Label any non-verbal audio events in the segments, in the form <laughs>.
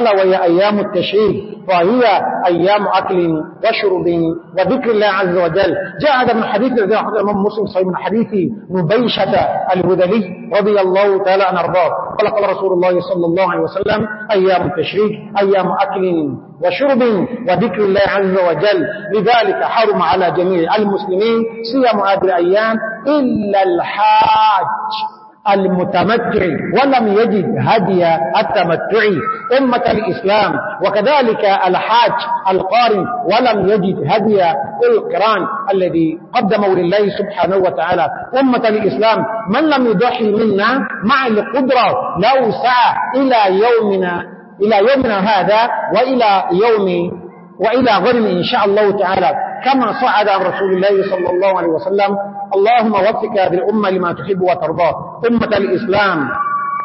ألا وهي أيام التشعيب وهي أيام أكل وشرب وذكر الله عز وجل جاء هذا من حديث الذي أخذ الإمام مسلم صحيح من حديث مبيشة الهدلي رضي الله تعالى عن أرضاه قال قال رسول الله صلى الله عليه وسلم أيام التشريك أيام أكل وشرب وذكر الله عز وجل لذلك حرم على جميع المسلمين صيام هذه الأيام إلا الحاج المتمتع ولم يجد هدي التمتع أمة الإسلام وكذلك الحاج القارن ولم يجد هدي القران الذي قدمه لله سبحانه وتعالى أمة الإسلام من لم يضحي منا مع القدرة لو سعى إلى يومنا إلى يومنا هذا وإلى يوم وإلى غرم إن شاء الله تعالى كما صعد عن رسول الله صلى الله عليه وسلم اللهم وفق هذه الأمة لما تحب وترضى أمة الإسلام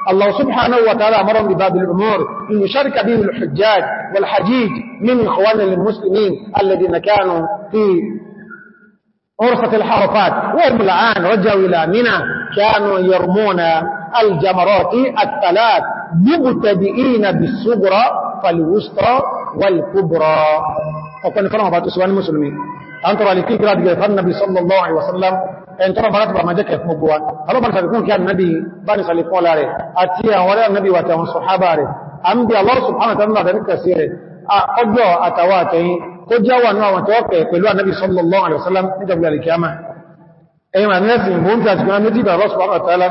الله سبحانه وتعالى أمرهم بباب الأمور إن يشارك به الحجاج والحجيج من إخوان المسلمين الذين كانوا في أرصة الحرفات وهم الآن رجعوا إلى منى كانوا يرمون الجمرات الثلاث مبتدئين بالصغرى فالوسطى والكبرى فكان كلام بعض إسوان المسلمين أنتم على كيكرات قال النبي صلى الله عليه وسلم ẹn tọ́rọ bá látìbà máa jẹ́ kẹfún gbogbo wa alọ́bàá sàrìkún kí annabi bá ní sàrìkún ọlá rẹ̀ àti àwọn ọ̀rẹ́ annabi wà tàwọn sọ̀hábà rẹ̀ a ń bí Allah subhanahu wa ta'ala dáríkà sí rẹ̀ ọjọ́ àtàwà àtẹ́yìn tó jẹ́ wà náà wọn tọ́ọ̀kẹ̀ pẹ̀lú annabi sallallahu alaihi wasallam níjọba alìkíyàmà ẹ̀yìn rẹ̀ nẹ́sìn bó ń tàbí gbọ́nà méjì bàrọ̀ subhanahu wa ta'ala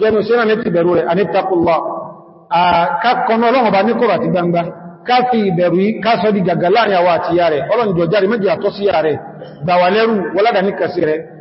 gẹnu sínà ní ti bẹ̀rù rẹ̀ anítàkùnlọ àkàkọ́nà ọlọ́run bá ká fi ìbẹ̀rù yí ká sọ gàgà láàrin àwọn àti yà rẹ̀ ọlọ́run járe méjì àtọ́sí yà rẹ̀ gbàwà lẹ́rù wọ́ládà ní kàsí rẹ̀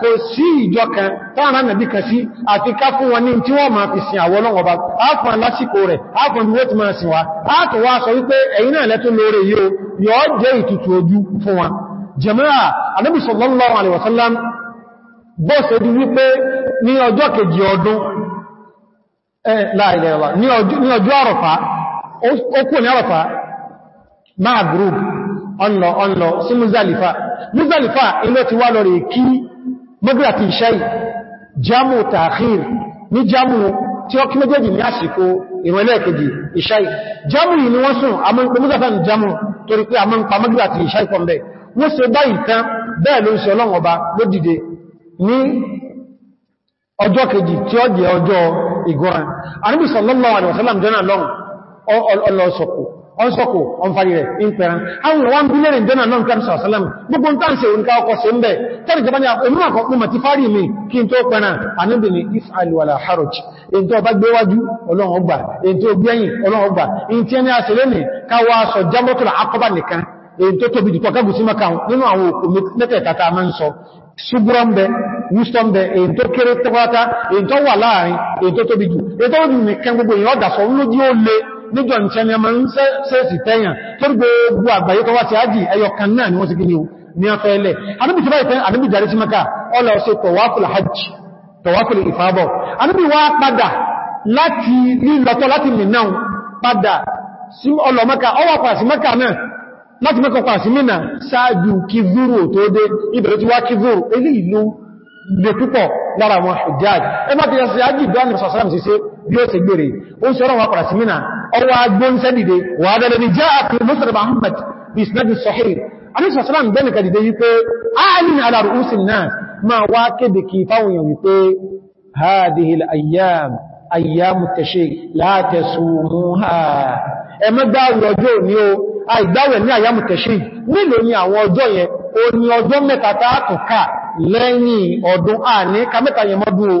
kò sí ìjọ kan tánà nàbí kan sí àti ká fún wọn ní tí wọ́n máa fi sin àwọn ọlọ́wọ́ bá ápùn lásìkò rẹ̀ ápùn bí wọ́n ti máa sin wa ápùn wá sọ wípé ẹ̀yin náà lẹ́tún lóore yóò yóò jẹ́ ìtùtù ojú fún wa jàmáà Ànábì sallallahu alaihi wasallam bó ṣe di wípé ní ọjọ́ kejì ọdún láìlẹ́wà ní ọjọ́ àrọ̀fà ó kú ní Muzalifa Muzalifa ilé ti wá lọ rẹ̀ kí mọ́gbàtí ìṣẹ́yì jámù tààkìr ní jámù tí ó kí méjèèjì ní àsìkò ìrọ̀lẹ́ kejì ìṣẹ́yì jámù yìí ni wọ́n sùn àmọ́pẹ́ mọ́gbàtí jámù torí pé àmọ́ pa mọ́gbàtí ìṣẹ́yì pọ̀ mẹ́ wọ́n ṣe báyìí tán bẹ́ẹ̀ ló ń ṣe ọlọ́run ọba ló dìde ní ọjọ́ kejì ọ̀n sọ́kò ọ̀n fàyẹ̀ ìpẹran àwọn ìwọ̀n bí lẹ́rìn jẹ́nà náà kẹrìsà ọ̀sálàmù gbogbo ń tàǹsẹ̀ òníká ọkọ̀ sí ń bẹ̀ tẹ́rì jẹba ní àpò ìmúnà mi kí n tó pẹ̀nà àníbìnrin if alwala harroch èyí tó bá gbé wájú ọlọ́run ọgbà èyí tó gbé ẹ̀yìn ọlọ́run ọgbà èyí tí ẹni àṣẹ lẹ́nì káwà sọ jámọ́tọ̀lá akọba nìkan èyí tó tóbi jùtọ̀ kágùsí maka nínú àwọn òkú mẹ́tẹ̀ẹ̀ta ta máa ń sọ ṣúgbúrọ́ ń bẹ wisdom bẹ wà láàrin èyí tó tóbi jù èyí tó wọ́n nìkan gbogbo èyí ọ̀dà sọ ń ó le níjọ ìṣẹ́ ni a máa ń sẹ́ẹ̀sì tẹ́yàn tó gbogbo àgbáyé tó wá sí ájì ẹyọ kan náà ni wọ́n sí gíní ní afẹ́ẹ̀lẹ̀ Ànábì tó báyìí tẹ́ Ànábì jàrí sí maka ọlọ ṣe tọ̀wáfùl hajj tọ̀wáfùl ìfàbọ̀ Ànábì wá padà láti lílọtọ́ láti mìíràn padà sí ọlọ maka ọwà pàà sí maka náà láti mẹ́kọ̀ pàà sí mìíràn sáájú kí zúrù tó dé ìbẹ̀rẹ̀ bí ó ti gbèrè ó ń sọ́rọ̀ wà pàdà sí mínà ọwọ́ agbóhúnṣẹ́ dìde wà dẹ̀lẹ̀ ni já àti mọ́sọ̀rọ̀ Muhammad bí isnadin sahih alisa salam gbẹ́nìkà dìde wípé ààrin ala ru'usin nas ma wá kéde kí fáwọn yàn wípé hadhihi al-ayyam ayyamu tashrik la tasumuha ẹ mẹ́gbàwẹ̀ ọjọ́ òní o àìgbàwẹ̀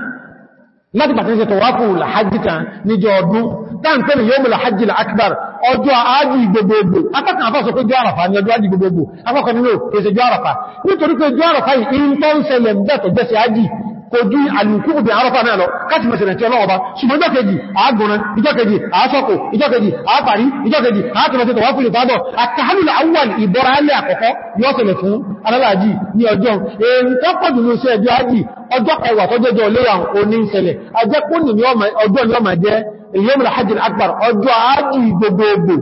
láti pàtàkì ṣe tọwáfù làhájì kan níjọ ọdún táǹkẹ́ ni yóò mú làhájì l'akbar ọjọ́ àájì gbogbogbò apákan afọ́sọ pé jọ àràfà ní ọjọ́ àájì gbogbogbò afọ́kan nílò pèsè jọ àràfà nítorí pé jọ àràfà yìí ń ń ṣẹlẹ̀ mẹ́tọ̀ jẹ́sẹ̀ àájì kò jú àlùkú òbí àárọ́fà náà lọ káàkiri mẹ́sẹ̀rẹ̀ tí ọlọ́ọ̀bá ṣùgbọ́n ìjọ́kejì àágùnrin ìjọ́kejì àásọ́kò ìjọ́kejì àáparí ìjọ́kejì àátọ̀lọ́sẹ̀ tó wá fún ìfàbọ̀ àtàhálù àwọn ìbọ̀ra alẹ́ àkọ́kọ́ yóò ṣẹlẹ̀ fún alálàájì ní ọjọ́ èyí tó pọ̀ jùlọ sí ẹjọ́ ájì ọjọ́ kẹwàá tó jẹjọ léwà òní ń ṣẹlẹ̀ ajẹ́kùnì ni ọjọ́ ni ó máa jẹ́ ìyẹ́mìlá akbar ọjọ́ ájì gbogbogbò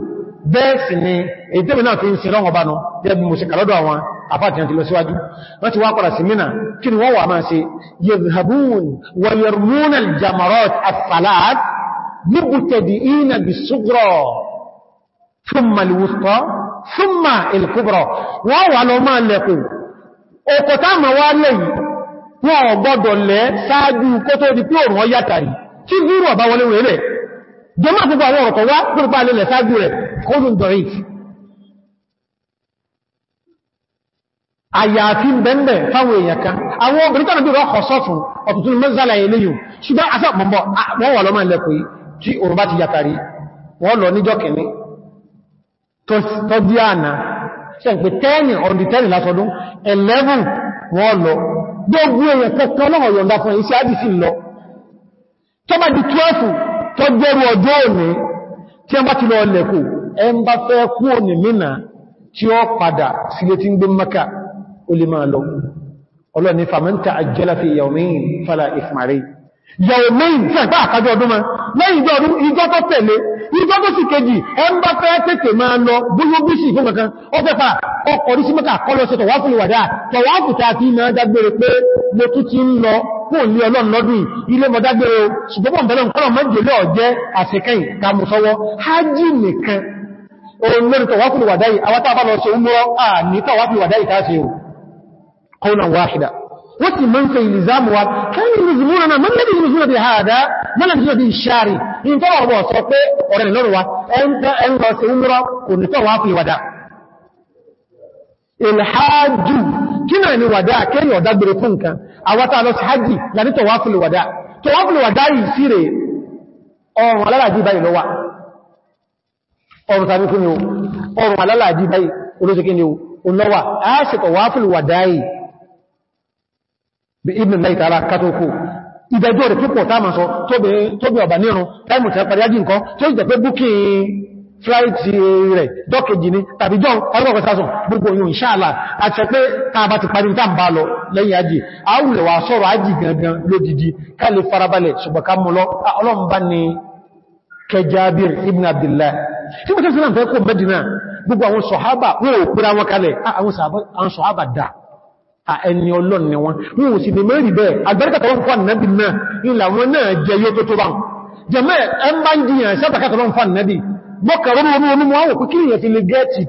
bẹ́ẹ̀ sì ni èdèmì náà fi ń ṣe lọ́wọ́ bá nù jẹ́bí àfáàtì àti lọ síwájú wọ́n ti wá padà sí mínà kí ni wọ́n wà máa ṣe yadhhabun wa yarmuna al-jamarat al-thalath mubtadi'ina bis-sughra thumma al-wusta thumma al-kubra wọ́n wà lọ máa lẹ́kùn òkòtà ma wá lẹ́yìn wọ́n gbọ́dọ̀ lẹ́ sáájú kó tó di àyàfí bẹ̀m̀bẹ̀ fáwọn èèyàn kan àwọn obìnrin tánà bí rọ́kọ̀ sọ fún ọ̀tùtù mẹ́sàlá eléyìn ṣùgbọ́n asọ́pọ̀mọ́ wọ́n wà lọ́mọ́ ilẹ̀kùn yìí tí òun bá ti yàtàrí wọ́n lọ níjọ́ kìíní tọ́dí 11 wọ́n lọ gbogbo èèyàn kọ̀ọ̀kan lọ́wọ́ yọ̀ǹda fún iṣẹ́ àdìsí lọ tó bá 12 tó gbẹ́rù ọjọ́ òní tí wọ́n bá ti lọ lẹ̀kù ẹ ń ó padà sílé tí ń gbé Mẹ́kà ó lè máa lọ ọlọ́ni fàmọ́ntà àjẹ́lá fi yàwómíyìn fàlà ìfìmàrí yàwómíyìn fẹ́gbà àkájọ ọdún ma lẹ́yìn ìjọ ọdún ìjọ tó tẹ̀lé ìjọ tó sì kejì ẹmbá fẹ́ tètè máa lọ búlúbúsì fún kankan ó fẹ́ fà ọkọ̀ ní símọ́kà kọlọ sí tọ̀wáfù ìwàdá tọ̀wáfù ta fi máa dágbére pé mo tún ti ń lọ fún ilé ọlọ́run lọ́dún ilé mọ̀ dágbére o ṣùgbọ́n bọ̀ قولا واحدا من في واحد؟ كان يلزموننا من الذي يلزمون بهذا ما الذي يلزمون به الشاري ان ترى الله سوقه ورن لروا انت ان سمرا كن ترى في وداع الحاج كما ني وداع كان يوداع بركنك او تعالى حج يعني طواف الوداع طواف الوداع يسير او ولا لا دي باي لو ọrùn tàbí kí ni o ọrùn alálàájí báyìí olóṣèkí ni o olówà á ṣe ibn Allah ta'ala katókò ìdẹjọ́ rẹ̀ púpọ̀ táàmà sọ tóbi ọ̀bà nírun táìmù tẹ́ parí ají nǹkan tí ó jẹ́ pé búkì fláìtì rẹ̀ dọ́kejì ni tàbí jọ ọlọ́pẹ̀sásùn gbogbo yóò inshallah àti pé tàbá ti parí tàà bá lọ lẹ́yìn ají àwùlẹ̀ wà sọ́rọ̀ ají gangan lódìdí ká lè farabalẹ̀ ṣùgbọ́n ká mú ẹni ọlọ́n ni wọn ní ò sì ní mẹ́rin bẹ́ẹ̀ agbẹ́ríkàtà wọn fún ànẹ́bì náà ní ìlàwọn náà jẹ yóò tó tó bá jẹmẹ́ ẹn bá ń jìyàn sátàkàtà wọn fún ànẹ́bì mọ́kà rọ́nà omi omi wọ́n wọ́n kí èyàn fi lè gẹ́ẹ̀tì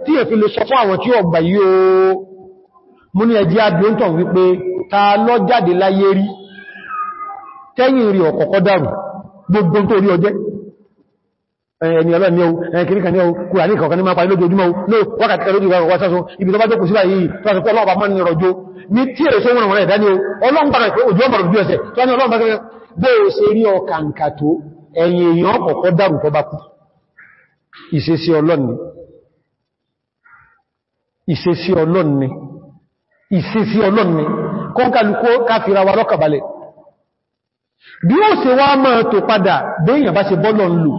tí èyàn fi ẹni ọlọ́ ní ohun ẹkìríkà ni ohun kúrà ní ìkọ̀ọ̀kan ní máa parí lójoojúmọ́ ló wákàtí kan lójoojúmọ́ wá sásun ibi tó bá jókòó sí báyìí tọ́sí pé ọlọ́ọ̀bá máa ń rọjò ní tí èrè sówọ́n wọn ẹ̀dá ní ohun ọlọ́ọ̀bá bí ó ṣe wá máa tó padà bí èyàn bá ṣe bọ́lọ̀ ń lò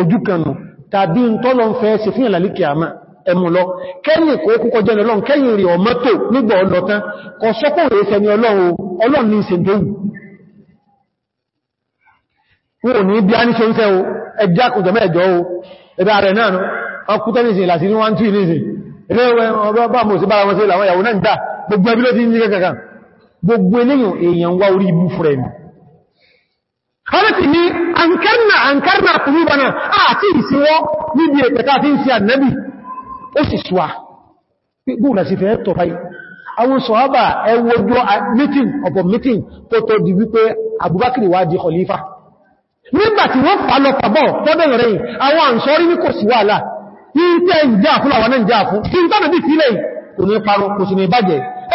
ojú kanù tàbí ń tọ́lọ ń fẹ́ ṣe fún ìlàlíkì àmà ẹmù lọ kẹ́yìn kò kúkọ jẹ́ ọlọ́run kẹ́yìn rí ọmọ tó nígbà ọlọ́tán kọ sọ́pọ̀ rẹ̀ fẹ́ni ọlọ́run ọlọ́run ní ìsẹ̀ dóhùn wọn ò ní bí a ní ṣe ń fẹ́ o ẹjá kò jọmọ́ ẹjọ́ o ẹ̀dá rẹ̀ náà ọkútẹ́ ní ìsìn ìlàsí ní wọ́n gbogbo ẹbí èèyàn wá orí ibú fúrẹ̀mù Kọ́lẹ̀tì ni, àǹkẹ́rìnà àǹkẹ́rìnà kùrúbànà àti ìsinwọ́ níbi ẹ̀kẹta tí ń fi ànẹ́bì, ó sì ṣùwà. Gúrùn àti fẹ́ tọ̀ báyìí. Àwọn sọ̀hábà ẹwọ́jọ́ meeting ọ̀pọ̀ meeting kó tó di wípé Abubakar wá di Khalifa. Nígbàtí wọ́n pàlọ pàbọ̀ tọ́bẹ̀ rẹ̀ àwọn àǹsọ́rí ní kò sí wàhálà, ní tẹ́ ìjà fún àwọn náà ìjà fún,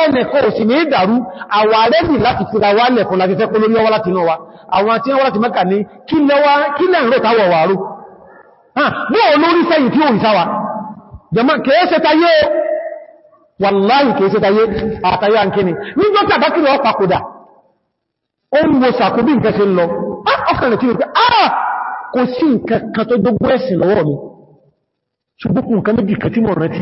ẹnẹ̀kọ́ òsì ní ìdàrú àwà rẹ́bì láti fira wá lẹ̀kùn láti fẹ́ polórí ọwá láti náà wá àwọn tí wọ́n láti mẹ́kà ní kí lẹ́rọ táwọ̀ wàárú bí o lórí sẹ́yìn tí ó rí sáwà jẹmọ́ kèése tayé wàláhì kèése tayé àtayá nkíni nígbọ́ta bá kí lọ pàkódà ó ń wo sàkóbí nǹkan ṣe méjì kan tí rántí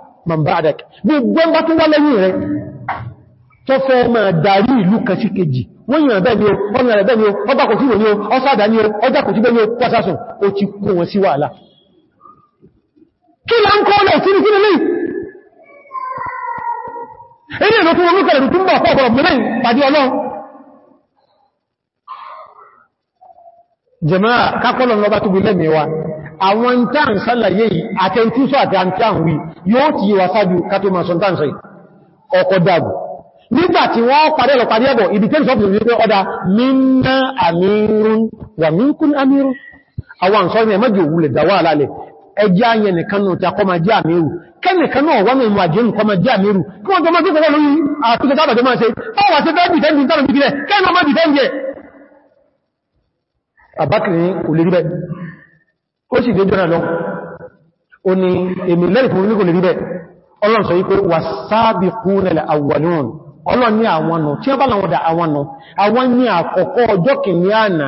man adek gbogbo ọgbà tó wá lẹ́yìn rẹ̀ tó fẹ́ máa darí ìlú kan sí kejì wọ́n yìí rẹ̀ ni o ọ̀nà rẹ̀ ni o ọba kò tí ni o ọsáàdá ni o kò ni ó ti kó wọn sí wàhálà kí lá ń kọ́ ọ̀nà sínú sínú lẹ́yìn ilé ìlú tó wọ́n mú pọ̀ àwọn tán sálàyé àtẹntúsọ àti àntáwí yóò ti yíwa sáájú kátó ma sọ tán sọ́yí ọkọ̀ dàgbù nígbà tí wọ́n padẹ́ lọ padẹ́ bọ̀ ibi tẹ́lì sọ́pù wípé ọdá minna amirun wà minkum amirun àwọn àǹsọ́rin ẹ̀mọ́jì òwúlẹ̀ dáwà alálẹ̀ ẹjẹ́ ayẹn nìkan náà tí a kọ́ ma jẹ́ àmìrù kẹ́nìkan náà wọ́n mẹ́rin àjẹ́ nìkan ma jẹ́ àmìrù kí wọ́n ó sì dé jọ́nà lọ o ni èmì lẹ́rìí fún oníkò lè rí bẹ́ ọlọ́run sọ wípé wà sáàbì kún ẹ̀lẹ̀ àwọ̀lọ́run ọlọ́run ní àwọn nù tí ó bá láwọn dá àwọn nù àwọn ní àkọ́kọ́ ọjọ́ kìíní àná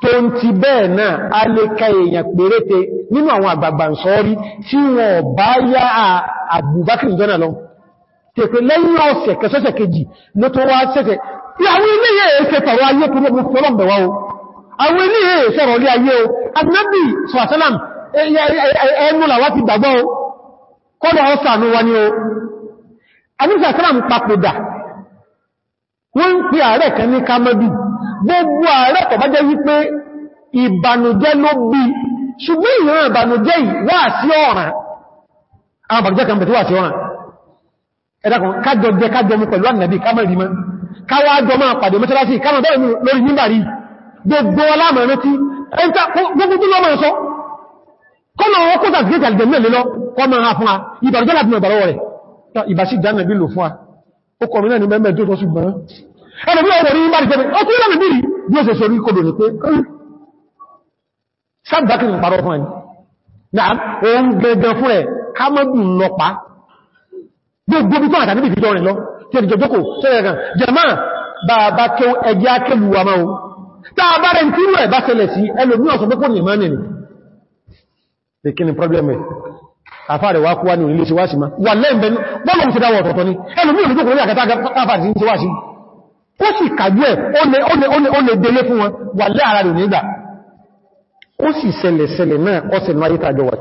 tó ń ti bẹ́ẹ̀ náà a lè ka èèyàn péréte nínú àwọn àgbàgbà ń sọ́rí tí wọ́n bá yá àbúbákìrì jọ́nà lọ tẹ̀pẹ̀ lẹ́yìn ọ̀sẹ̀ kẹsọ́sẹ̀ kejì ló tó wá sẹ́sẹ̀ àwọn iléyẹ̀ ẹ̀ẹ́sẹ̀ tọ̀rọ ayé tó lọ́pùn fọ́lọ́m̀bẹ̀wá o àwọn iléyẹ̀ ẹ̀ẹ́sẹ̀ rọ̀ lé ayé o adínábì sọ̀rọ̀sẹ́làm gbogbo ààrẹ tọ̀bá jẹ́ wípé ìbànújẹ́ ló bí ṣùgbọ́n ìran ìbànújẹ́ wà sí ọ̀ràn àwọn bàbújẹ́ kan bẹ̀tí wà sí ọ̀ràn ẹ̀dàkùn kájọ jẹ kájọ mú pẹ̀lú ànàbí kámọ̀ ìrìmọ́ káwàá jọ máa pàdé mọ́ṣálásí kámọ̀ bẹ́ẹ̀ lórí nígbàrí gbogbo ọlámọ̀ rántí ẹ̀ntà gbogbo tí lọ́mọ̀ sọ kọ́nà ọwọ́ kó tàbí gẹ́gẹ́ àlìjẹ̀ mẹ́lẹ̀ lọ kọ́ máa ha fún wa ìbàrújẹ́ láti mọ̀ rẹ̀ ìbàṣí ìdánàbí lò fún wa ó kọ̀rọ̀ náà ní mẹ́mẹ́ tó tọ́sùgbọ́n ẹni bí ọ̀rọ̀ ní bá ìfẹ́ ọkùn ìlànà bí rí bí ó ṣe ṣe orí kòdò ní pé ah, sáàbùdákì ń parọ́ fún ẹni náà òun gẹ̀gẹ̀ fún ẹ̀ kámọ́dù lọ́pa gbogbo bí fún àtàníbì fíjọ rìn lọ tí ẹni jọjọ́kò sẹ́yẹ̀kan jẹ̀má bàbá kẹ ẹgbẹ́ akẹ́lùwà máa tá a bá rẹ̀ tí rẹ̀ bá ṣẹlẹ̀ sí ẹlòmí ọ̀sọ̀ pé kò ní ìmá nìyàn lè kí ni problem ẹ̀ àfáàrẹ̀ wá kúwá ní orílẹ̀-èdè wáṣìmá wà lẹ́ẹ̀bẹ̀ bọ́lọ̀ ti dáwọ̀ ọ̀tọ̀ọ̀tọ̀ ni ẹlòmí òlùdókòrò ní àkẹta àfáàrẹ̀ sí wáṣìmá ó sì kàjú ẹ̀ ó lè délé fún wọn wà lẹ́ ara rẹ̀ nígbà ó sì ṣẹlẹ̀ṣẹlẹ̀ náà ọ̀sẹ̀ ní ayéta àjọwà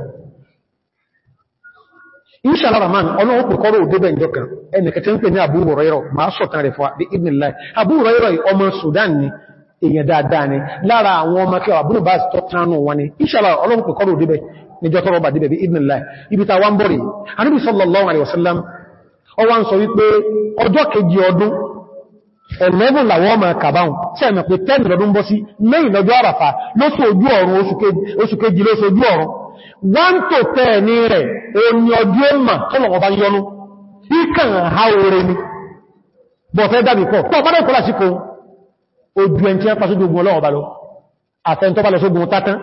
inṣàlára man ọlọ́wọ́ pè kọ́rọ̀ òdébẹ̀ ìjọkan ẹnìkẹtẹ́ ń pè ní Abu Hurairah máa sọ̀tàn rẹ̀ fún ọmọ kọ́rọ̀ òdébẹ̀ ẹ̀lẹ́gùn làwọn ọmọ kàbáhùn tí ẹ̀mẹ̀ pé tẹ́mì lọ́dún bọ́ sí lẹ́yìn lọ́jọ́ àràfà lóṣù ojú ọ̀run oṣù kejì lóṣù ojú ọ̀run wọ́n tó tẹ́ ní rẹ̀ òní ọdún ẹ̀mà tọ́lọ̀wọ́ bá yọnú ìkàn ha oore ni bọ̀fẹ́ dàbí pọ̀ pọ̀ bá dẹ̀kọ́ lásìkò ojú ẹn tí ẹ pàṣójú ogun ọlọ́wọ́ bá lọ àfẹ́ntọ́ bá lọ sógun tátán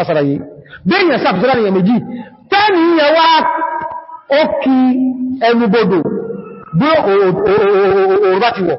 asàràyé bẹ́yìn sàfisọ́lá ni ẹ̀mẹ̀jì tẹ́ni yẹ wá ó kí ẹnubodò bí o bá ti wọ̀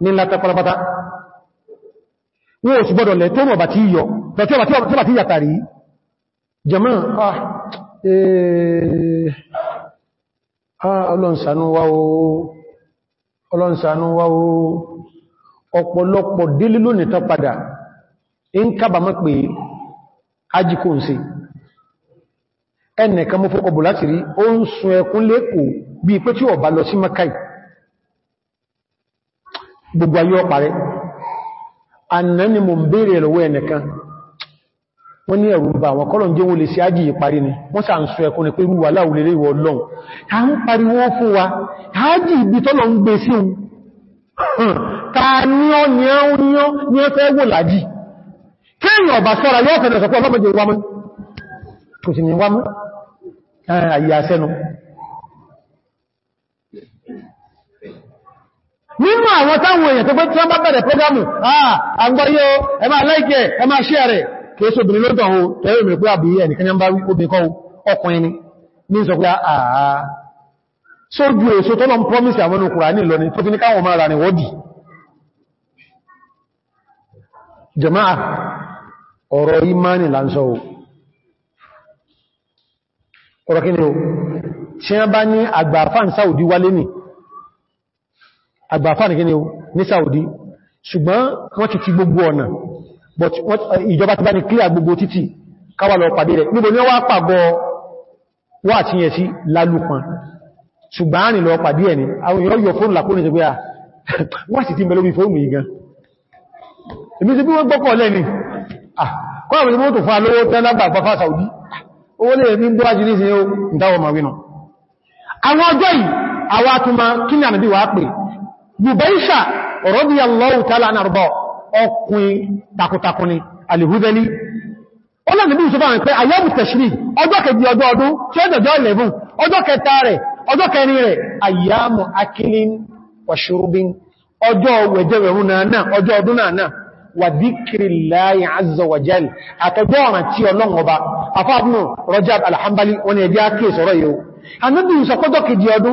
ní láta pálápátá wọ́n ò sì gbọ́dọ̀ lẹ̀ tó mọ̀ bá ti yọ tó bá ti yàtàrí jẹmọ́ ọlọ́nsànú wá o ọ̀pọ̀lọpọ̀ délé lónìí tán padà in kábàmọ́ pé ajíkò ń ṣe ẹnìkan mọ́ fọ́kọ̀bù láti ó ń sun ẹkún lẹ́kọ̀ọ́ bí pé tí ó lọ sí makai gbogbo ayé ọparẹ́ àná ni mo ń bèèrè ẹ̀lọ́wọ́ ẹnìkan wọ́n ní ẹ̀rù bà wọn kọ́lọ̀ jẹ́ wọ́n lè ṣe ájì ìparí ni wọ́n sà ń sọ ẹkùn ní pé rúwà láwùlélé ìwọ̀ ọlọ́run a ń pariwo fún wa ájì ibi tọ́lọ̀ ń gbé sí un nínú àwọn táwọn èèyàn tó pé tí wọ́n bá bẹ̀rẹ̀ prógámù àà ah, àgbáyé o ẹ máa láìkẹ́ ẹ máa ṣe rẹ̀ kìí ṣe obìnrin lótọ̀ ohun tẹ́rẹ mẹ́rin pé àbúyẹ ẹnìkan bá rí ọkùnrin ni ní sọ pé àà ah, ah. sójú promise àwọn okùnrin ní Ìlọrin tó fi ní káwọn máa rà jama'a ọ̀rọ̀ imani là ń o tí wọ́n bá ní àgbàfà nìkí ni ó ní Saudi ṣùgbọ́n wọ́n ti ti gbogbo ọ̀nà but ìjọba ti bá ní clear gbogbo títì káwà lọ pàdé rẹ̀ níbo ní wá pàgọ́ wà tí yẹ̀ sí lálùpàn ṣùgbọ́n àrìn lọ pàdé ẹni àwọn èèyàn yọ fóònù làkóòrùn ìjọba <laughs> wọ́n sì ti mẹ́ lórí fóònù yìí gan èmi Saudi owó lè ní bọ́ ajílé sí ó ìdáwọ̀ màwínà àwọn ọjọ́ yìí àwọn atúmọ̀ kí ni ànàbí wà á Jubaisha radiyallahu ta'ala anarba ọkùn takuntakuni alìhúdẹ́lì ọlọ́nàbí ìṣọ́bà rẹ̀ pé ayọ́bù tẹ̀ṣìrì ọjọ́ kejì ọjọ́ ọdún tí ó jọjọ́ ilẹ̀bùn ọjọ́ kẹta rẹ̀ ọjọ́ kẹrin rẹ̀ ayyamu akilin wa shurubin ọjọ́ wẹ̀jẹ̀wẹ̀rún náà ọjọ́ ọdún náà wà díkìrìláyì azọ̀wàjẹ́l àtẹjọ́ ọ̀ràn tí ọlọ́run ọba afáàbùnù Rajab alhambali wọn ni ẹ̀dí á kí ìsọ̀rọ̀ yìí o.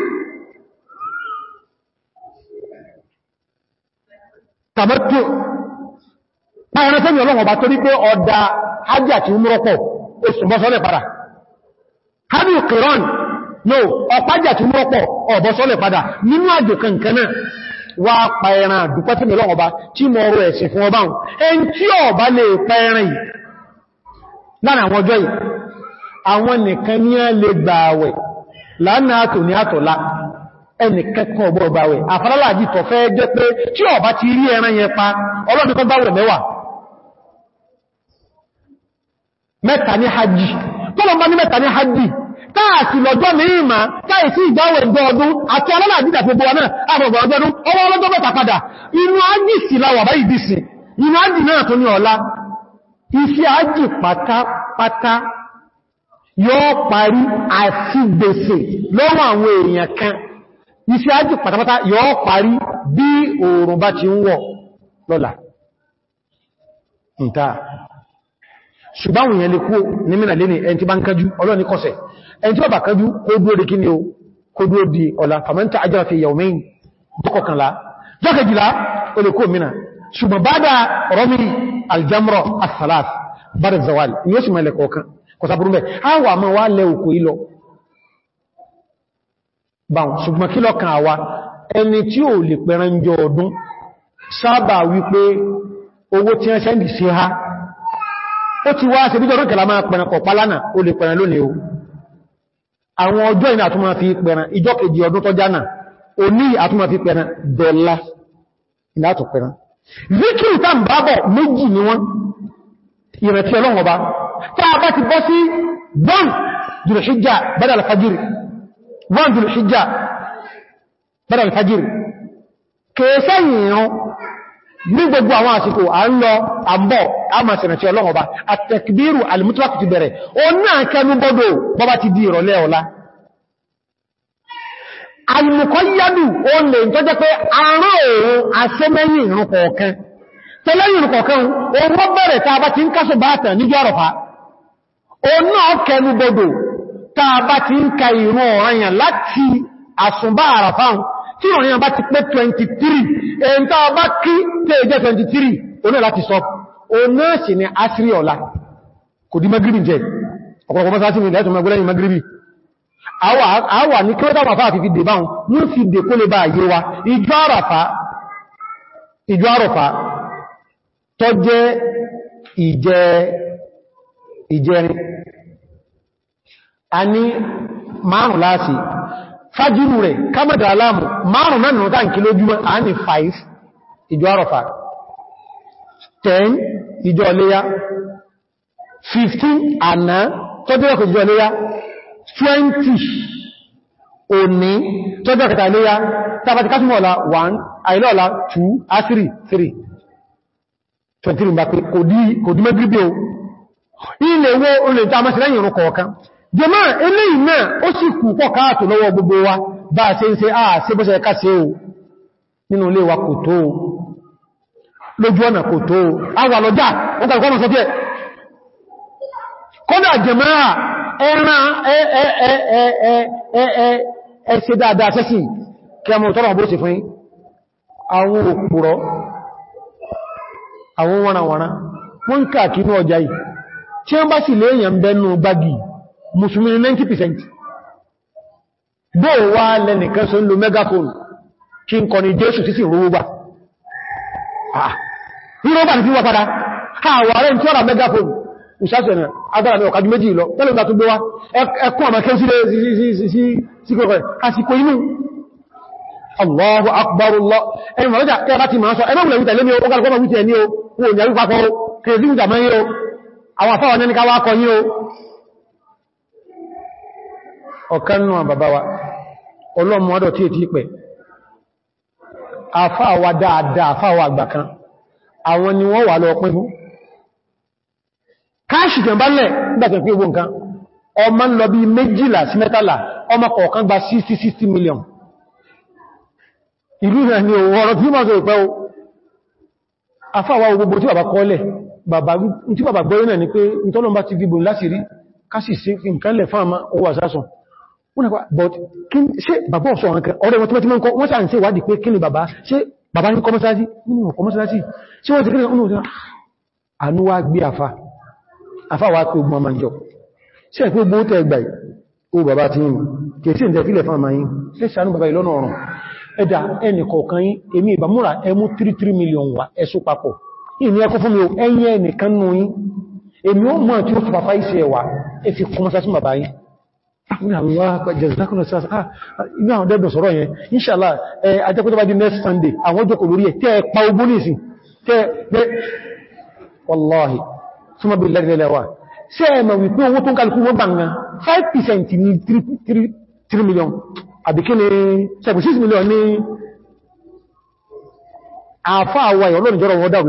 tàbátò pàyàrá sẹ́mi ọlọ́wọ̀n bá torí pé ọ̀dá hajjá ti múrọ́pọ̀ oṣù bọ́sọ́lẹ̀ padà hajjú kìrán no ọpájá ti múrọ́pọ̀ ọ̀bọ́sọ́lẹ̀ padà nínú àjò kankaná wà pàyàrá dùpẹ́ sẹ́mi ọlọ́wọ̀n bá tí mọ́ ọrọ̀ ẹ̀sìn fún ọba ẹn tí ọba lè pẹ́rin lára àwọn ọjọ́ yìí àwọn nìkan ẹni kẹ́kọ́ ọgbọ́ ọgbàwẹ̀ àfàrálàájì tọ̀ fẹ́ jẹ́ pé tí ọba ti rí ẹran yẹn pa ọlọ́dún gbáwẹ̀ mẹ́wàá mẹ́ta ní hajji tọ́lọ bá ní mẹ́ta ní hajji táàtì lọ́jọ́ mìírìnmá táìsí ìgbáwẹ̀ ọdún àti alálàájì dàfẹ́bọ̀ náà àbọ̀gbọ̀ ọdún ọwọ́ ọlọ́jọ́ mẹ́ta padà inú ájì sí láwà báyìí bí sí inú ájì náà tó ní ọ̀la iṣẹ́ ájì pátápátá yóò parí àti lọ́wọ́ àwọn èèyàn kan iṣẹ́ ajì pátápátá yóò parí bí oòrùn bá ti ń wọ̀ lọ́la ǹta ṣùgbọ́n àwọn èèyàn lè kú ní mìíràn lè ní ẹni tí bá ń kájú ọlọ́ni kọsẹ̀ ẹni tí bá bá kájú kó dúró di kíni o kó dúró di ọ̀la fàmẹ́ntà ajá fi yàwó mẹ́yìn jọ́kọ̀kànlá jọ́kẹ̀jìlá o lè kó mìíràn ṣùgbọ́n bá dá rọ́mí báwọn ṣùgbọ́n kí lọ́kàn àwa ẹni tí ò lè pẹran jọ ọdún sábà wípé owó tí wọ́n sẹ́ndì sí ha ó ti wá ṣe bí ọdún kẹla máa pẹran kọ̀pá lánà ó lè pẹran lónìí o àwọn ọjọ́ ìní àtúnmà fi pẹran ìjọ́ kejì ọdún tó jánà òní àtúnmà fi pẹran dọ́là ìlàtọ̀ pẹran zikiri a bá ti bọ́ sí bọ́n jùlọ ṣíjà bẹ́dà alfajiri one Dhul bẹ́rẹ̀ ìfàjìrì kèèṣẹ́ ìrìnrún ní gbogbo àwọn àsìkò à ń lọ àmbọ̀ àmàṣẹ̀rẹ̀tí ọlọ́ọ̀ba àtẹ̀kbírù alìmútúwàkù ti bẹ̀rẹ̀ o náà kẹnu bọ́dọ̀ bọ́bá ti di ìrọ̀lẹ́ ọ̀la alìmùkọ́ yádù o lè tó jẹ́ pé àárọ̀ òun o tàbá ti ń ka ìrún ọ̀ranyàn láti àsùnbá àràfáhùn tí ọ̀ranyàn bá ti pé 23 èyí tàà bá kí tèèjẹ́ 23 oní láti sọ oní ṣì ni asiri ọ̀la kò dí magribi jẹ ọ̀pọ̀lọpọ̀ mọ́sá sí ilẹ̀ ẹ̀tùn magribi magribi àwà ní kí ó dáwà fáà fífi dè báhùn ní fi dè kó lè bá àyè wa ìjọ àrọ̀fà tó jẹ́ ìjẹ́ ani ní márùn láti fájúrù rẹ̀ kámọ̀dà aláàmù márùn mẹ́rin ọ̀tá nkí lójúmọ́ a ní 5 ìjọ àrọ̀fà 10 ìjọ ọléyá 15 àná tọ́jọ́kọ̀ ìjọ ọléyá 20 òní tọ́jọ́kẹta ọléyá tàbátí kásùmọ̀ọ̀lá 1 àìlọ́ọ̀lá 2 àṣírí 3 23 mbàkì kò dí mẹ́bíbí o ilẹ̀ wo olè tí a jẹmá eléyìí náà ó sì kù pọ̀ káàtò lọ́wọ́ gbogbo wa bá a ṣe ń ṣe àà sí bó ṣe ká sí o nínú ilé wa kò tó lójú ọ̀nà kò tó àwà lọ́jà wọ́n káàkiri ọjà yìí tí wọ́n bá sì léèyàn bẹnu gbági musulmi 90% bó wá lẹ́nìkan sọ ń lo megaphone kí n kọ ni jésù sí sí rúrúgbà rúrúgbà ní fi wá padà àwọn ààrẹ tí ó ra megaphone ìṣàṣẹ̀ náà agbára ní ọ̀kájú méjì lọ pẹ́lú ìgbà tó gbé wá ẹkùn àmàkẹ́ sí o ọ̀kánnù bàbá wa ọlọ́mọ ọdọ̀ tí ètí pẹ̀ àfáàwà dáadáa àfáàwà àgbà kan àwọn ni wọ́n wà lọ pín fún káàṣì jẹ̀mbálẹ̀ nígbàtẹ̀ 60-60 million bàbá tí bàbá gbọ́rẹ́ náà ni pé ìtọ́lọ́mbá ti láti rí kásì sí nǹkan lẹ̀ fáàmà owó wọ́n nàkwà but ṣe bàbá ọ̀sọ̀ ọ̀rẹ́kẹ́ ọ̀rẹ́ wọn tí wọ́n ti mọ́ ń kọ́ wọ́n sáà ń ṣe ìwádìí pé kí ni bàbá ṣe bàbá ní kọmọ́sáájí nínú kọmọ́sáájí ṣe wọ́n ti kí ní ọ̀nà òṣèrè ànúwà gbé afá àfá wà pé ogun ọmọ ìjọ ṣe pé gbó tẹ́ gbà ó bàbá ti yìn kìí sí ìjẹ́ fílẹ̀ fáàmà yìí ṣe ṣàánú bàbá ìlọ́nà ọ̀rùn ẹ̀dà ẹnì kọ̀ọ̀kan yìí èmi ìbámúra ẹmú 33 million wà ẹ̀ṣù papọ̀ ìní ẹkọ́ fún mi ò ẹyẹ ẹnìkan nù yìí èmi ó mọ̀ tí ó fàfà iṣẹ́ wà ẹ fi kọmọ́sáájí bàbá yìí ní àwọn jẹ̀sìdákùnlọ sí àṣà inú àwọn dẹ́gbọ̀n sọ̀rọ̀ yẹn inṣàlá ajẹ́kútọ́ bá di next Sunday àwọn jọ́kò lórí ẹ̀ tẹ́ pa ogbó ní ìsìn tẹ́ pẹ́ wallahi súnmọ́ bí lẹ́gbẹ̀lẹ́wà ṣe ẹ̀mọ̀ wípé owó tó ń kálukú wọ́n gbàngán 5% ní 3 million àbíkí ni 6 million ní àfáà wa ìrọ̀lọ́nìjọ́rọ̀ wọ́dà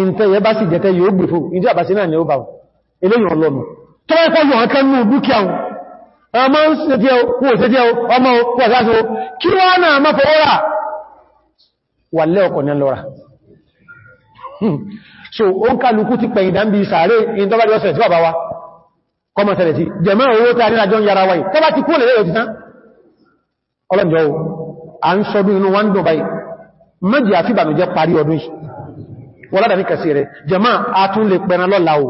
ìntẹ́yẹ bá sì jẹ́tẹ́ yóò gbìfò ìdí àbáṣe náà ni ó bá wọn eléyìn ọlọ́nu tó ẹ́kọ́ yóò hàn kánú dúkìá wọn ọmọ òṣèdíẹ̀ ọmọ òṣèdíẹ̀ kí wọ́n náà mọ́ fọwọ́rà wà lẹ́ ọkọ̀ ní lọ́ra hmm. so ó ń kálukú ti pẹ̀yìn dámbì sàárè ìdọ́bàdíọ́sẹ̀ tí bàbá wa kọmọ tẹ̀lẹ̀ sí jẹ̀mọ́ owó tàà ní àjọ yàrá wáyìí tọ́bá ti kú lè lẹ́yọ̀ ń dùn báyìí mẹ́jì àfíbànújẹ́ parí ọdún yìí wọ́n ládàrí kàsí rẹ̀ jẹmá a tún lè pẹran lọ́la o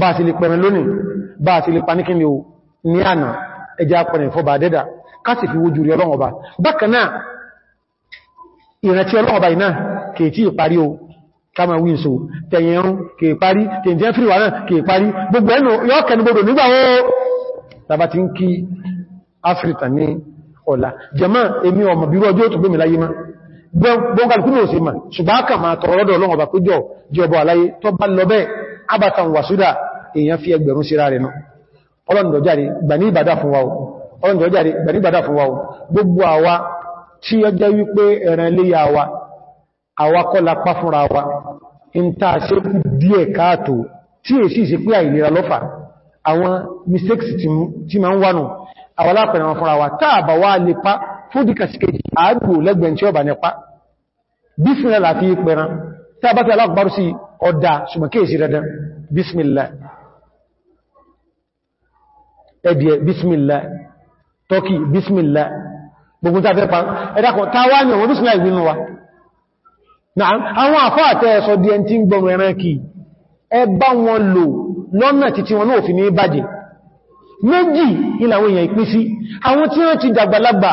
bá ti lè pẹran lónìí bá ti lè paníkínlẹ̀ o ní àná ẹjá pẹran fọba dẹ́dà kásì fi wojú rí ọlọ́run ọba bákan náà ìrántí kama winso tẹ̀yẹ̀rún kèé parí tẹ̀yẹ̀ fíríwà náà kèé parí gbogbo ẹnu yọ́ kẹnugbogbo nígbà ó tàbá ti ń kí áfíríkà ní ọ̀la jẹmá èmi ọmọ gbọ́nkàlùkú ní òsì mà ṣùgbọ́n kà máa tọrọ lọ́dọ̀ ọlọ́run ọba péjọ jọba aláyé tó bá lọ bẹ́ẹ̀ abatan wàsúdà èèyàn fi ẹgbẹ̀rún síra rẹ̀ nù ọlọ́ndọ̀jáde gbà ní ìbàdá fún wa ọlọ́ndọ̀jáde gbà ní ìbàdá fún wa gbogbo àwa tí ó jẹ́ wípé fún díkàsíkèjì àádùn lẹ́gbẹ̀ẹ́ tí ó bà nípa bísmìlá láti pẹran tí a bá tí aláàkùbárú sí ọ̀dá ṣùgbọ́kéèsì dandan bísmìlá ẹ̀dìẹ̀ bísmìlá tọ́kì bísmìlá gbogbo tàbí pa ẹ̀dàkọ̀ táwà ní ọ̀wọ̀ bísmìlá ìwínú wa náà àwọn àfá àtẹ́ ẹ̀sọ di ẹn tí ń gbọmọ ẹran kì ẹ bá wọn lò lọ́nà títí wọn náà fi ní bàjẹ́ méjì ìlàwọ̀ èèyàn ìpín sí àwọn tí wọ́n ti dàgbàlagbà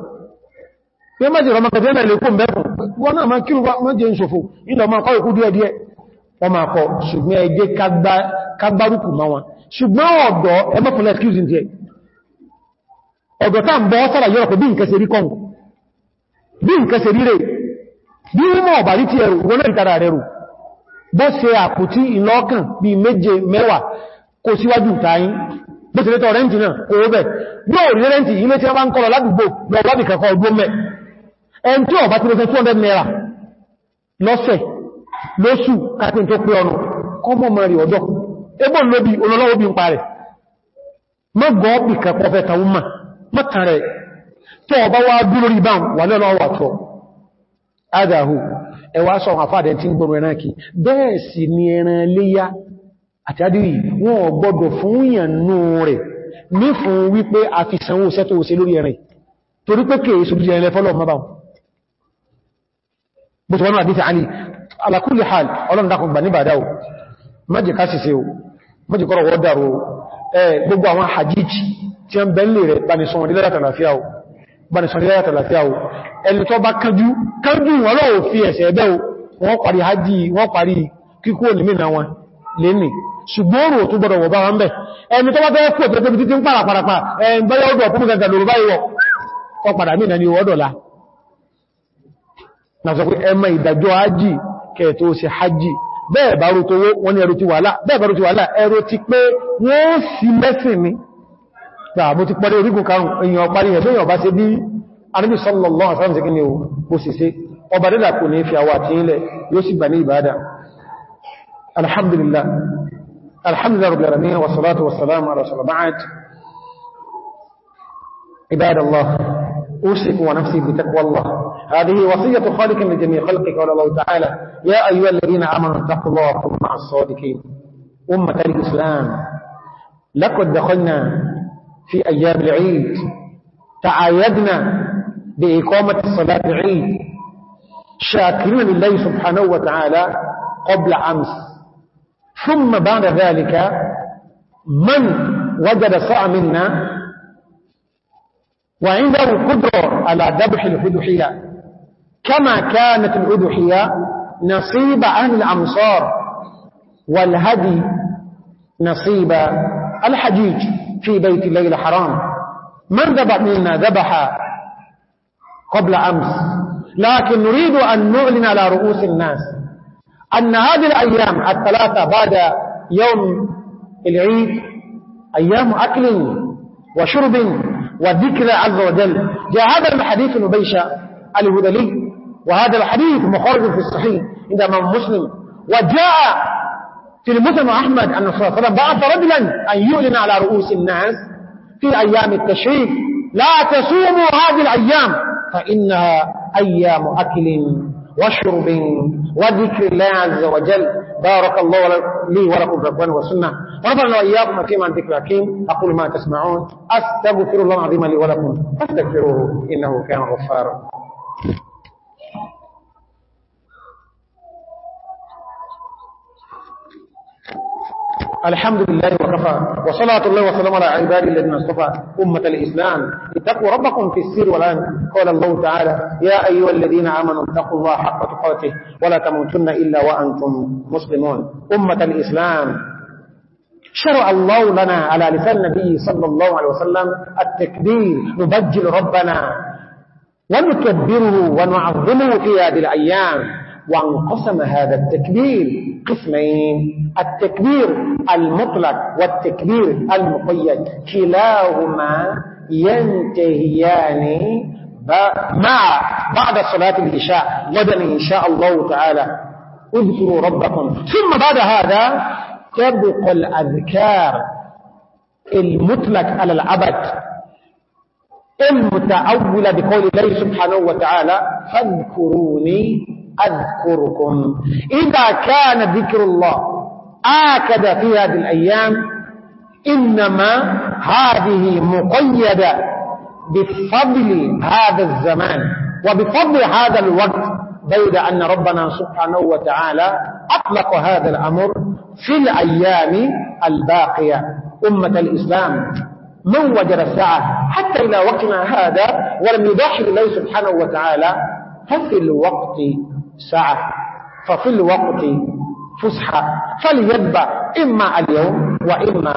pé má jẹ́ ọmọkọ̀ jẹ́ ilẹ̀ kún mẹ́kùn wọ́n náà ma kírù wọ́n jẹ́ ìṣòfò ilẹ̀ ọmọ akọ́ ìkú díẹ̀ díẹ̀ wọ́n ma kọ ṣùgbọ́n ẹgbẹ́ kagbárùkù ma wọn ṣùgbọ́n ọ̀dọ́ ẹmọ́kùnlẹ̀ excuse díẹ̀ ọ̀dọ̀ tá ń bọ́ sára yọ́rọ̀ pé bí nǹkan ṣe rí kọ́ bí nǹkan ṣe rí rẹ̀ bí wọ́n mọ̀ ọ̀bà rí ti ẹrù wọ́n náà ìtara kò ó bẹ̀ bí ò rí rẹ́ǹtì ilé tí wọ́n bá ń kọ́ lọ ládùúgbò lọ ọdún mẹ́ ẹn tí ọba tí lọ sọ 200 naira lọ́sẹ̀ lóṣù kápín tó pé ọ̀nà kọmọ mẹ́rin ọ̀dọ́ ẹgbọ́n lóbi olólọ́wọ́ bí ń parẹ̀ mọ́gbọ́ ọba wa ni àti adìrí wọn fún ìyànnú rẹ̀ ní fún wípé a fi sanwó sẹ́tò òsè lórí ẹran torí jẹ́ ẹlẹ́fọ́lọ̀ bó ti wọ́n náà àdíta àní alákùnlé hàn ọlọ́ndakùn gbà níbàdá o májì ká ṣiṣẹ́ o májì kọ́rọ̀ wọ́n dáró ẹ gbogbo àwọn hajjíjì tí a ń bẹ̀lẹ̀ rẹ̀ banisọ̀rọ̀lẹ́yàtàlàfíà o ẹni tó bá kánjú kánjú wọn lọ́wọ́ fi ẹ̀ṣẹ̀ ẹ̀bẹ́ o wọ́n parí hajji wọ́n parí kíkú òní mìíràn wọn lẹ́nì ṣùgbọ́n òrò tó gbọ́dọ̀ wọ̀bá wọn bẹ̀ ẹni tó bá bẹ́ẹ̀ na sọ pé ẹmọ ìdàjọ́ hajji kẹtò sí hajji bẹ́ẹ̀ bá rú tó wọ́n ní ẹrù ti wàhálà bẹ́ẹ̀ bá rú ti wàhálà ẹrù ti pé wọ́n sí mẹ́sìn ní tààbó ti pọ́dé orígun karùn èyàn parí ẹ̀ bẹ́yàn bá ṣe bí Ànábì sallallahu alaihi wasallam ṣe kí ni ibadallah أوشك ونفسي بتقوى الله هذه وصية خالق لجميع خلقه قال الله تعالى يا أيها الذين آمنوا اتقوا الله وكونوا مع الصادقين أمة الإسلام لقد دخلنا في أيام العيد تعايدنا بإقامة الصلاة العيد شاكرين لله سبحانه وتعالى قبل أمس ثم بعد ذلك من وجد صاع منا وعنده قدرة على ذبح الهدحية كما كانت الهدحية نصيب عن الأمصار والهدي نصيب الحجيج في بيت الليل الحرام من ذبح منا ذبح قبل أمس لكن نريد أن نعلن على رؤوس الناس أن هذه الأيام الثلاثة بعد يوم العيد أيام أكل وشرب وذكر عز وجل جاء هذا الحديث المبيشة الهدلي وهذا الحديث مخرج في الصحيح عند من مسلم وجاء في المسلم أحمد أن صلى الله عليه وسلم بعث رجلا أن يؤلن على رؤوس الناس في أيام التشريف لا تسوموا هذه الأيام فإنها أيام أكل وشرب وذكر الله عز وجل بارك الله لي ولكم في القرآن والسنة ونفعلنا وإياكم حكيما عن ذكر حكيم أقول ما تسمعون أستغفر الله العظيم لي ولكم فاستغفروه إنه كان غفارا الحمد لله وكفى وصلاة الله وسلم على عباد الذين اصطفى أمة الإسلام اتقوا ربكم في السر والآن قال الله تعالى يا أيها الذين آمنوا اتقوا الله حق تقاته ولا تموتن إلا وأنتم مسلمون أمة الإسلام شرع الله لنا على لسان النبي صلى الله عليه وسلم التكبير نبجل ربنا ونكبره ونعظمه في هذه الأيام وانقسم هذا التكبير قسمين التكبير المطلق والتكبير المقيد كلاهما ينتهيان مع بعد صلاة العشاء غدا إن شاء الله تعالى اذكروا ربكم ثم بعد هذا تبقى الأذكار المطلق على العبد المتأولة بقول الله سبحانه وتعالى فاذكروني أذكركم إذا كان ذكر الله آكد في هذه الأيام إنما هذه مقيدة بفضل هذا الزمان وبفضل هذا الوقت بيد أن ربنا سبحانه وتعالى أطلق هذا الأمر في الأيام الباقية أمة الإسلام من وجد الساعة حتى إلى وقتنا هذا ولم يباح الله سبحانه وتعالى ففي الوقت ساعة ففي الوقت فسحة فليتبع إما اليوم وإما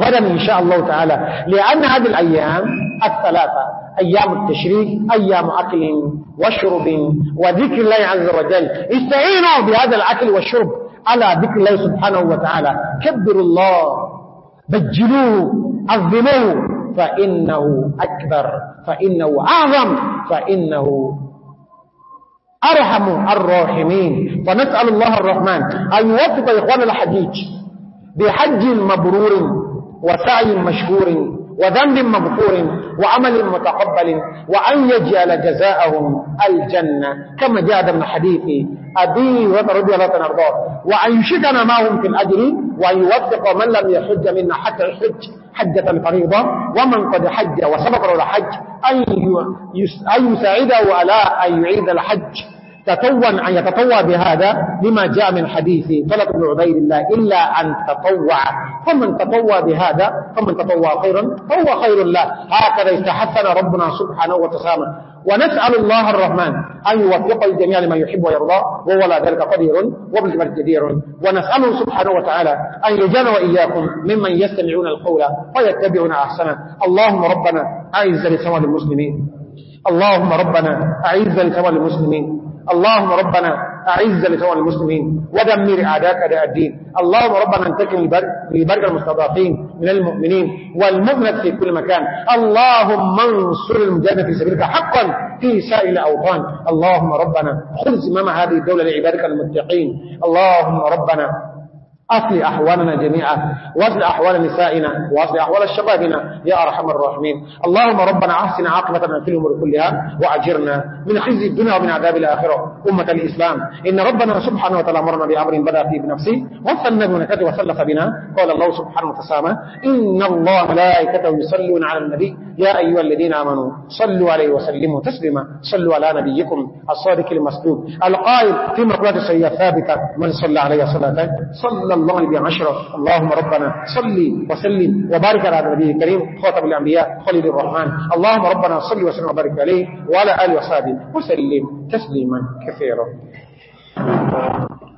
غدا إن شاء الله تعالى لأن هذه الأيام الثلاثة أيام التشريك أيام أكل وشرب وذكر الله عز وجل استعينوا بهذا الأكل والشرب على ذكر الله سبحانه وتعالى كبروا الله بجلوه عظموه فإنه أكبر فإنه أعظم فإنه أرحم الراحمين فنسأل الله الرحمن أن يوفق إخوان الحديث بحج مبرور وسعي مشكور وذنب مغفور وعمل متقبل وأن يجعل جزاءهم الجنة كما جاء من حديث أبي رضي الله عنه وارضاه وأن يشدنا معهم في الأجر وأن يوفق من لم يحج منا حتى يحج حجة فريضة ومن قد حج وسبق له الحج أن يساعده على أن يعيد الحج تطوع أن يتطوع بهذا لما جاء من حديث طلب بن عبيد الله إلا أن تطوع فمن تطوع بهذا فمن تطوع خيرا فهو خير الله هكذا استحسن ربنا سبحانه وتعالى ونسأل الله الرحمن أن يوفق الجميع لما يحب ويرضى وهو لا ذلك قدير وبالجمال جدير ونسأله سبحانه وتعالى أن يجعل وإياكم ممن يستمعون القول ويتبعون أحسنه اللهم ربنا أعز لسوال المسلمين اللهم ربنا أعز لثوان المسلمين اللهم ربنا أعز لثوان المسلمين ودمر أعداءك أداء الدين اللهم ربنا انتكن لبرك المستضعفين من المؤمنين والمغنى في كل مكان اللهم انصر المجاهدين في سبيلك حقا في سائل أوطان اللهم ربنا خذ زمام هذه الدولة لعبادك المتقين اللهم ربنا أصل أحوالنا جميعا وأصل أحوال نسائنا وأصل أحوال شبابنا يا أرحم الراحمين اللهم ربنا أحسن عاقبتنا في الأمور كلها وأجرنا من خزي الدنيا ومن عذاب الآخرة أمة الإسلام إن ربنا سبحانه وتعالى أمرنا بأمر بدأ فيه بنفسه وصلنا بنكته وسلف بنا قال الله سبحانه وتسامى إن الله ملائكته يصلون على النبي يا أيها الذين آمنوا صلوا عليه وسلموا تسلم صلوا على نبيكم الصادق المسلوب القائل في مقولات السيئة الثابتة من صلى عليه صلاة صلى الله بعشرة اللهم ربنا صلي وسلم وبارك على النبي الكريم خاتم الأنبياء خليل الرحمن اللهم ربنا صلي وسلم وبارك عليه وعلى آله وصحبه وسلم تسليما كثيرا